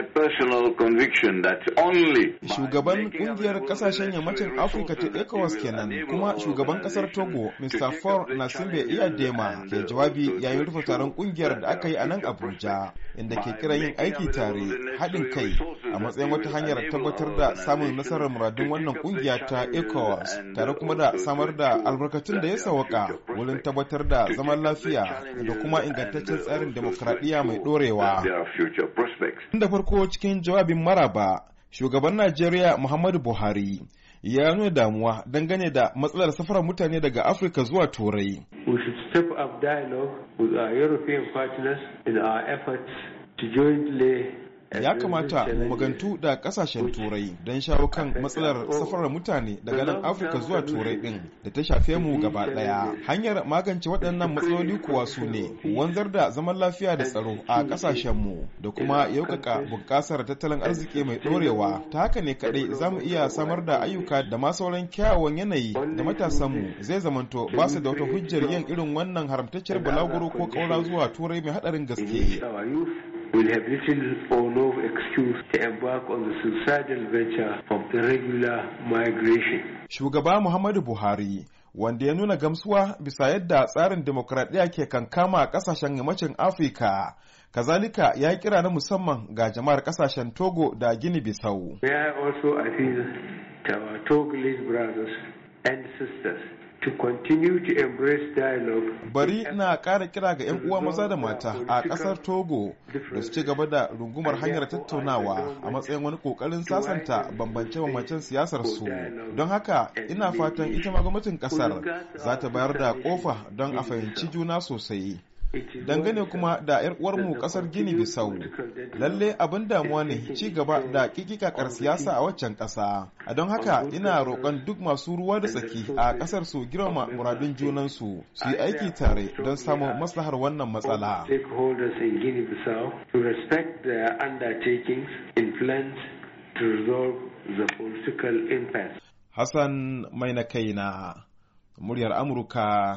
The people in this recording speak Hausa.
personal shugaban kungiyar kasashen yammacin afirka ta ecowas kenan kuma shugaban kasar togo mr for iya dema ke jawabi yayin rufe taron kungiyar da aka yi a nan abuja inda ke kiran yin aiki tare haɗin kai a matsayin wata hanyar tabbatar da samun nasarar muradun wannan kungiya ta ecowas tare kuma da samar da albarkatun da ya sawaka wurin tabbatar da zaman lafiya da kuma ingantaccen tsarin demokradiyya mai ɗorewa. farko cikin jawabin maraba shugaban najeriya muhammadu buhari ya nuna damuwa dangane da matsalar safarar mutane daga afirka zuwa turai we should step up dialogue with our european partners in our efforts to jointly ya kamata mu magantu da kasashen turai don shawo kan matsalar safarar mutane daga nan afirka zuwa turai din da ta shafe mu gaba daya hanyar magance waɗannan matsaloli kuwa su ne wanzar da zaman lafiya da tsaro a kasashen mu da kuma yaukaka bunƙasar tattalin arziki mai ɗorewa ta haka ne kaɗai za mu iya samar da ayyuka da ma sauran kyawawan yanayi da matasanmu zai zamanto ba su da wata hujjar yin irin wannan haramtacciyar balaguro ko ƙaura zuwa turai mai haɗarin gaske will have little or no excuse to embark on the suicidal venture of regular migration. Shugaba Muhammadu Buhari wanda ya nuna gamsuwa bisa yadda tsarin demokradiyya ke kankama a kasashen yammacin afirka kazalika ya kira na musamman ga jama'ar kasashen togo da gini bisau. May I also appeal to our Togolese brothers and sisters to continue to embrace dialogue. Bari na ƙara kira ga 'yan uwa maza da mata a ƙasar Togo da su ci gaba da rungumar hanyar tattaunawa a matsayin wani ƙoƙarin sasanta bambance-bambancen siyasar su. Don haka ina fatan ita ma gwamnatin ƙasar za ta bayar da ƙofa don a fahimci juna sosai. dangane kuma da 'yar uwar uwarmu kasar gini bisau lalle abin damuwa ne ci gaba da kikikakar siyasa a waccan ƙasa, a don haka ina roƙon duk masu ruwa da tsaki a ƙasar su girma muradun junansu su yi aiki tare don samun maslahar wannan matsala Hassan mai kaina muryar Amurka